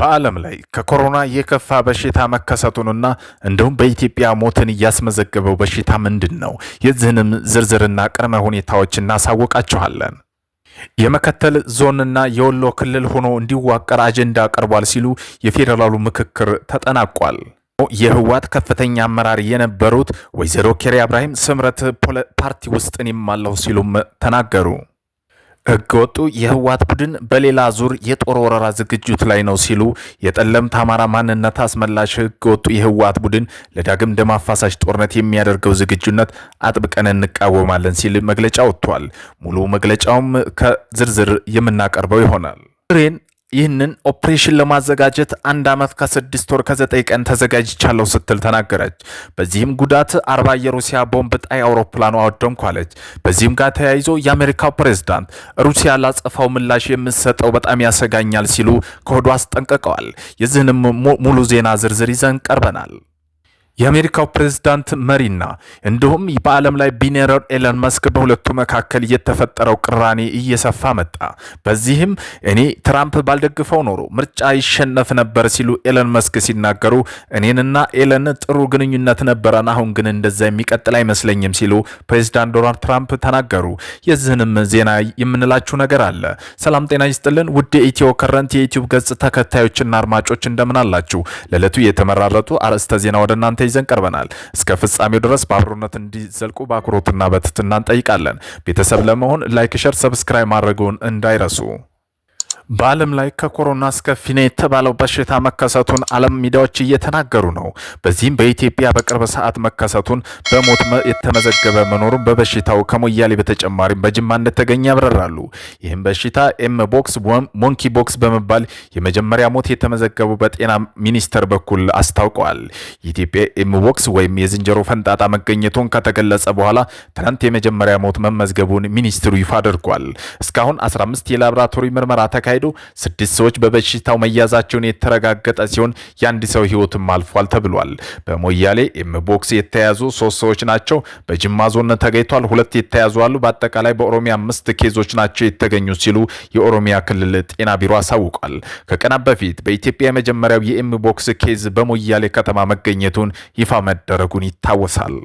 በዓለም ላይ ከኮሮና የከፋ በሽታ መከሰቱንና እንደውም በኢትዮጵያ ሞትን እያስመዘገበው በሽታ ምንድን ነው? የዚህንም ዝርዝርና ቅድመ ሁኔታዎች እናሳውቃችኋለን። የመከተል ዞንና የወሎ ክልል ሆኖ እንዲዋቀር አጀንዳ ቀርቧል ሲሉ የፌዴራሉ ምክክር ተጠናቋል። የህወሓት ከፍተኛ አመራር የነበሩት ወይዘሮ ኬሪያ ኢብራሂም ስምረት ፓርቲ ውስጥ እኔም አለሁ ሲሉም ተናገሩ። ህገወጡ የህወሓት ቡድን በሌላ ዙር የጦር ወረራ ዝግጅት ላይ ነው ሲሉ የጠለምት አማራ ማንነት አስመላሽ ህገወጡ የህወሓት ቡድን ለዳግም ደም አፋሳሽ ጦርነት የሚያደርገው ዝግጁነት አጥብቀን እንቃወማለን ሲል መግለጫ ወጥቷል። ሙሉ መግለጫውም ከዝርዝር የምናቀርበው ይሆናል። ሬን ይህንን ኦፕሬሽን ለማዘጋጀት አንድ ዓመት ከስድስት ወር ከዘጠኝ ቀን ተዘጋጅቻለሁ ስትል ተናገረች። በዚህም ጉዳት አርባ የሩሲያ ቦምብ ጣይ አውሮፕላኗ ወደምኳለች። በዚህም ጋር ተያይዞ የአሜሪካው ፕሬዝዳንት ሩሲያ ላጸፋው ምላሽ የምሰጠው በጣም ያሰጋኛል ሲሉ ከወዱ አስጠንቅቀዋል። የዚህንም ሙሉ ዜና ዝርዝር ይዘን ቀርበናል። የአሜሪካው ፕሬዝዳንት መሪና እንዲሁም በዓለም ላይ ቢሊየነር ኤለን መስክ በሁለቱ መካከል የተፈጠረው ቅራኔ እየሰፋ መጣ። በዚህም እኔ ትራምፕ ባልደግፈው ኖሮ ምርጫ ይሸነፍ ነበር ሲሉ ኤለን መስክ ሲናገሩ፣ እኔንና ኤለን ጥሩ ግንኙነት ነበረን፣ አሁን ግን እንደዛ የሚቀጥል አይመስለኝም ሲሉ ፕሬዝዳንት ዶናልድ ትራምፕ ተናገሩ። የዚህንም ዜና የምንላችሁ ነገር አለ። ሰላም ጤና ይስጥልን ውድ ኢትዮ ከረንት የዩቲዩብ ገጽ ተከታዮችና አድማጮች እንደምን አላችሁ? ለዕለቱ የተመራረጡ አርዕስተ ዜና ወደ እናንተ ይዘን ቀርበናል። እስከ ፍጻሜው ድረስ በአብሮነት እንዲዘልቁ በአክብሮትና በትህትና እንጠይቃለን። ቤተሰብ ለመሆን ላይክ፣ ሸር፣ ሰብስክራይብ ማድረጉን እንዳይረሱ በዓለም ላይ ከኮሮና አስከፊ ነው የተባለው በሽታ መከሰቱን ዓለም ሚዲያዎች እየተናገሩ ነው። በዚህም በኢትዮጵያ በቅርብ ሰዓት መከሰቱን በሞት የተመዘገበ መኖሩን በበሽታው ከሞያሌ በተጨማሪም በጅማ እንደተገኘ ያብረራሉ ይህም በሽታ ኤም ቦክስ ሞንኪ ቦክስ በመባል የመጀመሪያ ሞት የተመዘገቡ በጤና ሚኒስቴር በኩል አስታውቀዋል። የኢትዮጵያ ኤም ቦክስ ወይም የዝንጀሮ ፈንጣጣ መገኘቱን ከተገለጸ በኋላ ትናንት የመጀመሪያ ሞት መመዝገቡን ሚኒስትሩ ይፋ አድርጓል። እስካሁን 15 የላብራቶሪ ምርመራ ተካሂ ተካሂዶ ስድስት ሰዎች በበሽታው መያዛቸውን የተረጋገጠ ሲሆን የአንድ ሰው ህይወትም አልፏል ተብሏል። በሞያሌ ኤምቦክስ የተያዙ ሶስት ሰዎች ናቸው። በጅማ ዞን ተገኝቷል። ሁለት የተያዙ አሉ። በአጠቃላይ በኦሮሚያ አምስት ኬዞች ናቸው የተገኙ ሲሉ የኦሮሚያ ክልል ጤና ቢሮ አሳውቋል። ከቀናት በፊት በኢትዮጵያ የመጀመሪያው የኤምቦክስ ኬዝ በሞያሌ ከተማ መገኘቱን ይፋ መደረጉን ይታወሳል።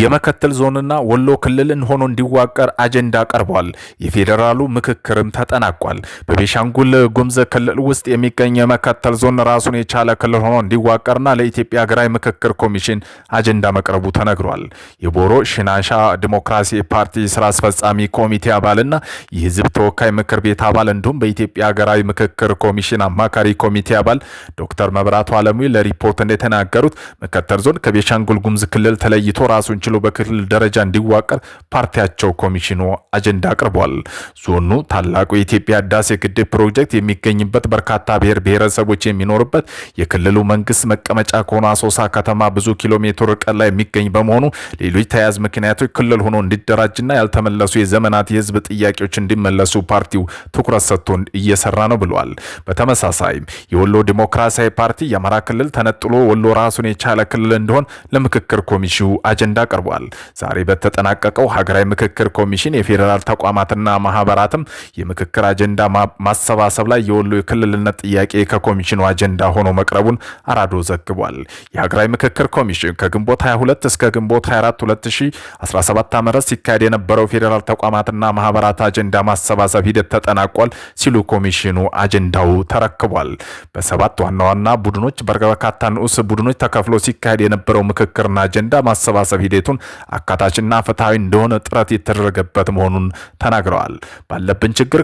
የመከተል ዞንና ወሎ ክልልን ሆኖ እንዲዋቀር አጀንዳ ቀርቧል። የፌዴራሉ ምክክርም ተጠናቋል። በቤሻንጉል ጉምዝ ክልል ውስጥ የሚገኝ የመከተል ዞን ራሱን የቻለ ክልል ሆኖ እንዲዋቀርና ለኢትዮጵያ ሀገራዊ ምክክር ኮሚሽን አጀንዳ መቅረቡ ተነግሯል። የቦሮ ሽናሻ ዲሞክራሲ ፓርቲ ስራ አስፈጻሚ ኮሚቴ አባልና የህዝብ ተወካይ ምክር ቤት አባል እንዲሁም በኢትዮጵያ ሀገራዊ ምክክር ኮሚሽን አማካሪ ኮሚቴ አባል ዶክተር መብራቱ አለሙ ለሪፖርት እንደተናገሩት መከተል ዞን ከቤሻንጉል ጉምዝ ክልል ተለይቶ ራሱ ራሱን ችሎ በክልል ደረጃ እንዲዋቀር ፓርቲያቸው ኮሚሽኑ አጀንዳ አቅርቧል። ዞኑ ታላቁ የኢትዮጵያ ህዳሴ ግድብ ፕሮጀክት የሚገኝበት በርካታ ብሔር ብሔረሰቦች የሚኖርበት የክልሉ መንግስት መቀመጫ ከሆኑ አሶሳ ከተማ ብዙ ኪሎ ሜትር ርቀት ላይ የሚገኝ በመሆኑ ሌሎች ተያዝ ምክንያቶች ክልል ሆኖ እንዲደራጅና ያልተመለሱ የዘመናት የህዝብ ጥያቄዎች እንዲመለሱ ፓርቲው ትኩረት ሰጥቶ እየሰራ ነው ብሏል። በተመሳሳይም የወሎ ዲሞክራሲያዊ ፓርቲ የአማራ ክልል ተነጥሎ ወሎ ራሱን የቻለ ክልል እንዲሆን ለምክክር ኮሚሽኑ አጀንዳ ቀርቧል። ዛሬ በተጠናቀቀው ሀገራዊ ምክክር ኮሚሽን የፌዴራል ተቋማትና ማህበራትም የምክክር አጀንዳ ማሰባሰብ ላይ የወሎ የክልልነት ጥያቄ ከኮሚሽኑ አጀንዳ ሆኖ መቅረቡን አራዶ ዘግቧል። የሀገራዊ ምክክር ኮሚሽን ከግንቦት 22 እስከ ግንቦት 24 2017 ዓ.ም ሲካሄድ የነበረው ፌዴራል ተቋማትና ማህበራት አጀንዳ ማሰባሰብ ሂደት ተጠናቋል ሲሉ ኮሚሽኑ አጀንዳው ተረክቧል። በሰባት ዋና ዋና ቡድኖች በርካታ ንዑስ ቡድኖች ተከፍሎ ሲካሄድ የነበረው ምክክርና አጀንዳ ማሰባሰብ ሂደት ሂደቱን አካታችና ፍትሐዊ እንደሆነ ጥረት የተደረገበት መሆኑን ተናግረዋል። ባለብን ችግር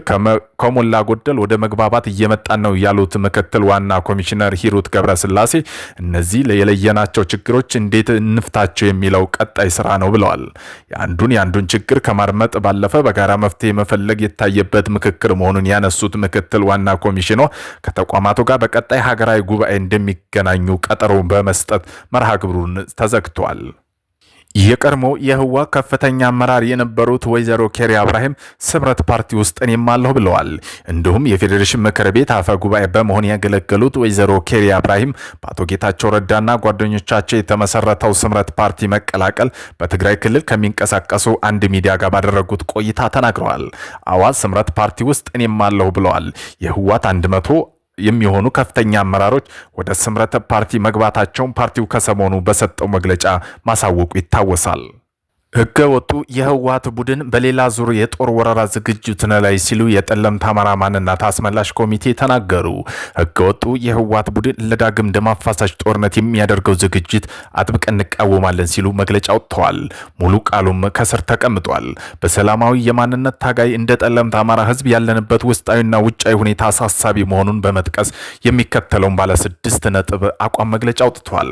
ከሞላ ጎደል ወደ መግባባት እየመጣን ነው ያሉት ምክትል ዋና ኮሚሽነር ሂሩት ገብረስላሴ እነዚህ የለየናቸው ችግሮች እንዴት እንፍታቸው የሚለው ቀጣይ ስራ ነው ብለዋል። የአንዱን የአንዱን ችግር ከማርመጥ ባለፈ በጋራ መፍትሄ መፈለግ የታየበት ምክክር መሆኑን ያነሱት ምክትል ዋና ኮሚሽኖ ከተቋማቱ ጋር በቀጣይ ሀገራዊ ጉባኤ እንደሚገናኙ ቀጠሮ በመስጠት መርሃ ግብሩን ተዘግቷል። የቀድሞ የህዋ ከፍተኛ አመራር የነበሩት ወይዘሮ ኬሪ አብራሂም ስምረት ፓርቲ ውስጥ እኔም አለሁ ብለዋል። እንዲሁም የፌዴሬሽን ምክር ቤት አፈ ጉባኤ በመሆን ያገለገሉት ወይዘሮ ኬሪ አብራሂም በአቶ ጌታቸው ረዳና ጓደኞቻቸው የተመሰረተው ስምረት ፓርቲ መቀላቀል በትግራይ ክልል ከሚንቀሳቀሱ አንድ ሚዲያ ጋር ባደረጉት ቆይታ ተናግረዋል። አዋ ስምረት ፓርቲ ውስጥ እኔም አለሁ ብለዋል። የህዋት አንድ መቶ የሚሆኑ ከፍተኛ አመራሮች ወደ ስምረተ ፓርቲ መግባታቸውን ፓርቲው ከሰሞኑ በሰጠው መግለጫ ማሳወቁ ይታወሳል። ህገ ወጡ የህወሓት ቡድን በሌላ ዙር የጦር ወረራ ዝግጅት ላይ ሲሉ የጠለምት አማራ ማንነት አስመላሽ ኮሚቴ ተናገሩ። ህገ ወጡ ቡድን ለዳግም ደም አፋሳሽ ጦርነት የሚያደርገው ዝግጅት አጥብቀን እንቃወማለን ሲሉ መግለጫ አውጥተዋል። ሙሉ ቃሉም ከስር ተቀምጧል። በሰላማዊ የማንነት ታጋይ እንደ ጠለምት አማራ ህዝብ ያለንበት ውስጣዊና ውጫዊ ሁኔታ አሳሳቢ መሆኑን በመጥቀስ የሚከተለውን ባለ ስድስት ነጥብ አቋም መግለጫ አውጥቷል።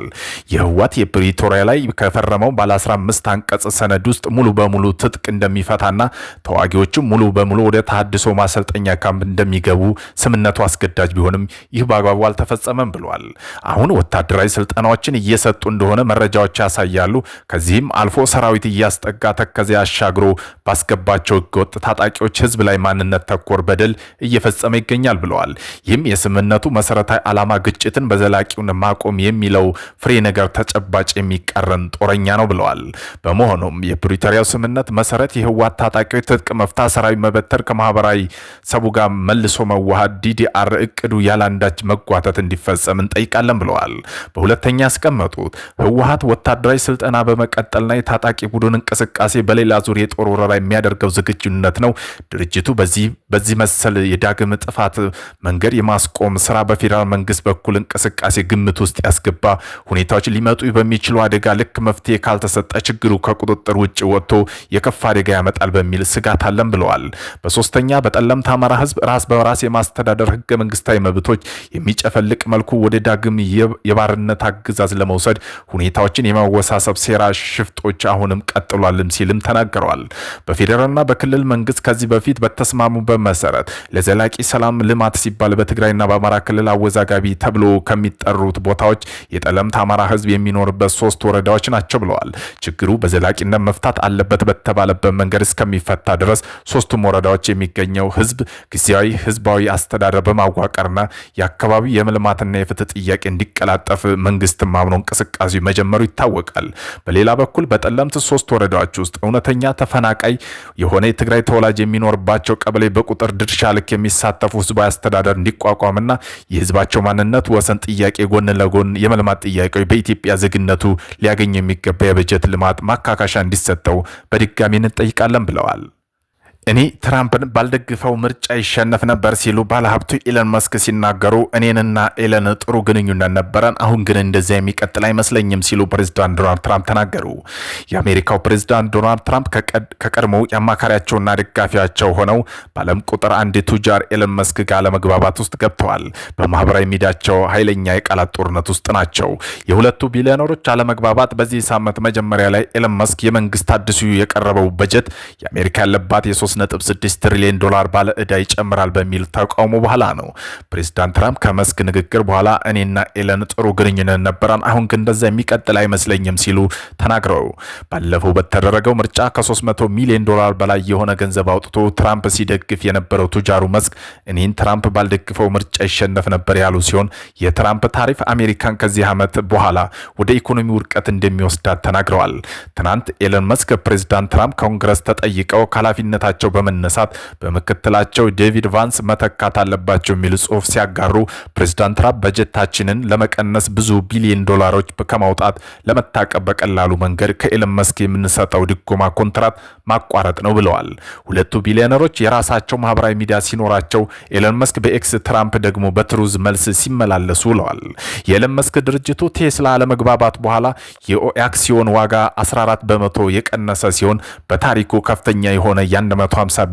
የህወሓት የፕሪቶሪያ ላይ ከፈረመው ባለ 15 አንቀጽ ሰነድ ውስጥ ሙሉ በሙሉ ትጥቅ እንደሚፈታና ተዋጊዎችም ሙሉ በሙሉ ወደ ተሃድሶ ማሰልጠኛ ካምፕ እንደሚገቡ ስምነቱ አስገዳጅ ቢሆንም ይህ በአግባቡ አልተፈጸመም ብለል። አሁን ወታደራዊ ስልጠናዎችን እየሰጡ እንደሆነ መረጃዎች ያሳያሉ። ከዚህም አልፎ ሰራዊት እያስጠጋ ተከዜ አሻግሮ ባስገባቸው ህገወጥ ታጣቂዎች ህዝብ ላይ ማንነት ተኮር በደል እየፈጸመ ይገኛል ብለዋል። ይህም የስምነቱ መሰረታዊ ዓላማ ግጭትን በዘላቂውን ማቆም የሚለው ፍሬ ነገር ተጨባጭ የሚቀረን ጦረኛ ነው ብለዋል። በመሆኑም የፕሪቶሪያው ስምምነት መሰረት የህወሓት ታጣቂዎች ትጥቅ መፍታ ሰራዊ መበተር፣ ከማህበራዊ ሰቡ ጋር መልሶ መዋሃድ ዲዲአር እቅዱ ያላንዳች መጓተት እንዲፈጸም እንጠይቃለን ብለዋል። በሁለተኛ ያስቀመጡት ህወሓት ወታደራዊ ስልጠና በመቀጠልና የታጣቂ ቡድን እንቅስቃሴ በሌላ ዙር የጦር ወረራ የሚያደርገው ዝግጁነት ነው። ድርጅቱ በዚህ መሰል የዳግም ጥፋት መንገድ የማስቆም ስራ በፌዴራል መንግስት በኩል እንቅስቃሴ ግምት ውስጥ ያስገባ ሁኔታዎች ሊመጡ በሚችሉ አደጋ ልክ መፍትሄ ካልተሰጠ ችግሩ ከቁጥጥር ቁጥጥር ውጭ ወጥቶ የከፍ አደጋ ያመጣል በሚል ስጋት አለን ብለዋል። በሶስተኛ በጠለምት አማራ ህዝብ ራስ በራስ የማስተዳደር ህገ መንግስታዊ መብቶች የሚጨፈልቅ መልኩ ወደ ዳግም የባርነት አገዛዝ ለመውሰድ ሁኔታዎችን የማወሳሰብ ሴራ ሽፍጦች አሁንም ቀጥሏልም ሲልም ተናግረዋል። በፌዴራልና በክልል መንግስት ከዚህ በፊት በተስማሙበት መሰረት ለዘላቂ ሰላም ልማት ሲባል በትግራይና በአማራ ክልል አወዛጋቢ ተብሎ ከሚጠሩት ቦታዎች የጠለምት አማራ ህዝብ የሚኖርበት ሶስት ወረዳዎች ናቸው ብለዋል። ችግሩ በዘላቂነት መፍታት አለበት በተባለበት መንገድ እስከሚፈታ ድረስ ሶስቱም ወረዳዎች የሚገኘው ህዝብ ጊዜያዊ ህዝባዊ አስተዳደር በማዋቀርና የአካባቢ የልማትና የፍትህ ጥያቄ እንዲቀላጠፍ መንግስት ማምኖ እንቅስቃሴ መጀመሩ ይታወቃል። በሌላ በኩል በጠለምት ሶስት ወረዳዎች ውስጥ እውነተኛ ተፈናቃይ የሆነ የትግራይ ተወላጅ የሚኖርባቸው ቀበሌ በቁጥር ድርሻ ልክ የሚሳተፉ ህዝባዊ አስተዳደር እንዲቋቋምና የህዝባቸው ማንነት ወሰን ጥያቄ ጎን ለጎን የመልማት ጥያቄ በኢትዮጵያ ዜግነቱ ሊያገኝ የሚገባ የበጀት ልማት ማካካሻ ድርሻ እንዲሰጠው በድጋሚ እንጠይቃለን ብለዋል። እኔ ትራምፕን ባልደግፈው ምርጫ ይሸነፍ ነበር ሲሉ ባለሀብቱ ኢለን መስክ ሲናገሩ እኔንና ኢለን ጥሩ ግንኙነት ነበረን፣ አሁን ግን እንደዚያ የሚቀጥል አይመስለኝም ሲሉ ፕሬዚዳንት ዶናልድ ትራምፕ ተናገሩ። የአሜሪካው ፕሬዚዳንት ዶናልድ ትራምፕ ከቀድሞ የአማካሪያቸውና ደጋፊያቸው ሆነው በዓለም ቁጥር አንድ ቱጃር ኢለን መስክ ጋር ለመግባባት ውስጥ ገብተዋል። በማህበራዊ ሚዲያቸው ኃይለኛ የቃላት ጦርነት ውስጥ ናቸው። የሁለቱ ቢሊዮነሮች አለመግባባት በዚህ ሳምንት መጀመሪያ ላይ ኢለን መስክ የመንግስት አዲሱ የቀረበው በጀት የአሜሪካ ያለባት የሶስት 6 ትሪሊዮን ዶላር ባለ ዕዳ ይጨምራል በሚል ተቃውሞ በኋላ ነው። ፕሬዚዳንት ትራምፕ ከመስክ ንግግር በኋላ እኔና ኤለን ጥሩ ግንኙነት ነበረን፣ አሁን ግን እንደዛ የሚቀጥል አይመስለኝም ሲሉ ተናግረው ባለፈው በተደረገው ምርጫ ከ300 ሚሊዮን ዶላር በላይ የሆነ ገንዘብ አውጥቶ ትራምፕ ሲደግፍ የነበረው ቱጃሩ መስክ እኔን ትራምፕ ባልደግፈው ምርጫ ይሸነፍ ነበር ያሉ ሲሆን የትራምፕ ታሪፍ አሜሪካን ከዚህ ዓመት በኋላ ወደ ኢኮኖሚ ውድቀት እንደሚወስዳት ተናግረዋል። ትናንት ኤለን መስክ ፕሬዚዳንት ትራምፕ ኮንግረስ ተጠይቀው ከኃላፊነታቸው ስማቸው በመነሳት በምክትላቸው ዴቪድ ቫንስ መተካት አለባቸው የሚል ጽሑፍ ሲያጋሩ ፕሬዚዳንት ትራምፕ በጀታችንን ለመቀነስ ብዙ ቢሊዮን ዶላሮች ከማውጣት ለመታቀብ በቀላሉ መንገድ ከኤለን መስክ የምንሰጠው ድጎማ ኮንትራት ማቋረጥ ነው ብለዋል። ሁለቱ ቢሊዮነሮች የራሳቸው ማህበራዊ ሚዲያ ሲኖራቸው ኤለን መስክ በኤክስ ትራምፕ ደግሞ በትሩዝ መልስ ሲመላለሱ ውለዋል። የኤለን መስክ ድርጅቱ ቴስላ አለመግባባት በኋላ የአክሲዮን ዋጋ 14 በመቶ የቀነሰ ሲሆን በታሪኩ ከፍተኛ የሆነ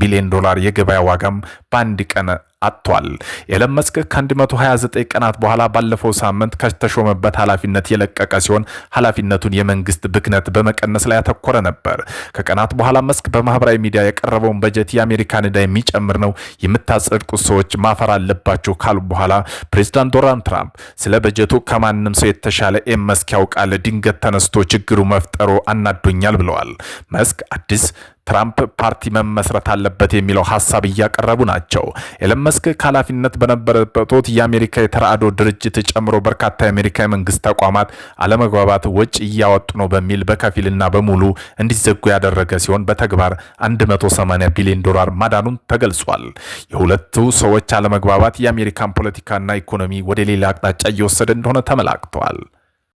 ቢሊዮን ዶላር የገበያ ዋጋም በአንድ ቀን አጥቷል። ኤለን መስክ ከ129 ቀናት በኋላ ባለፈው ሳምንት ከተሾመበት ኃላፊነት የለቀቀ ሲሆን ኃላፊነቱን የመንግስት ብክነት በመቀነስ ላይ ያተኮረ ነበር። ከቀናት በኋላ መስክ በማህበራዊ ሚዲያ የቀረበውን በጀት የአሜሪካን ዕዳ የሚጨምር ነው የምታጸድቁት ሰዎች ማፈር አለባችሁ ካሉ በኋላ ፕሬዚዳንት ዶናልድ ትራምፕ ስለ በጀቱ ከማንም ሰው የተሻለ ኤም መስክ ያውቃል፣ ድንገት ተነስቶ ችግሩ መፍጠሩ አናዶኛል ብለዋል። መስክ አዲስ ትራምፕ ፓርቲ መመስረት አለበት የሚለው ሀሳብ እያቀረቡ ናቸው። መስክ ከኃላፊነት በነበረበት የአሜሪካ የተራድኦ ድርጅት ጨምሮ በርካታ የአሜሪካ የመንግስት ተቋማት አለመግባባት ወጪ እያወጡ ነው በሚል በከፊልና በሙሉ እንዲዘጉ ያደረገ ሲሆን በተግባር 180 ቢሊዮን ዶላር ማዳኑን ተገልጿል። የሁለቱ ሰዎች አለመግባባት የአሜሪካን ፖለቲካና ኢኮኖሚ ወደ ሌላ አቅጣጫ እየወሰደ እንደሆነ ተመላክተዋል።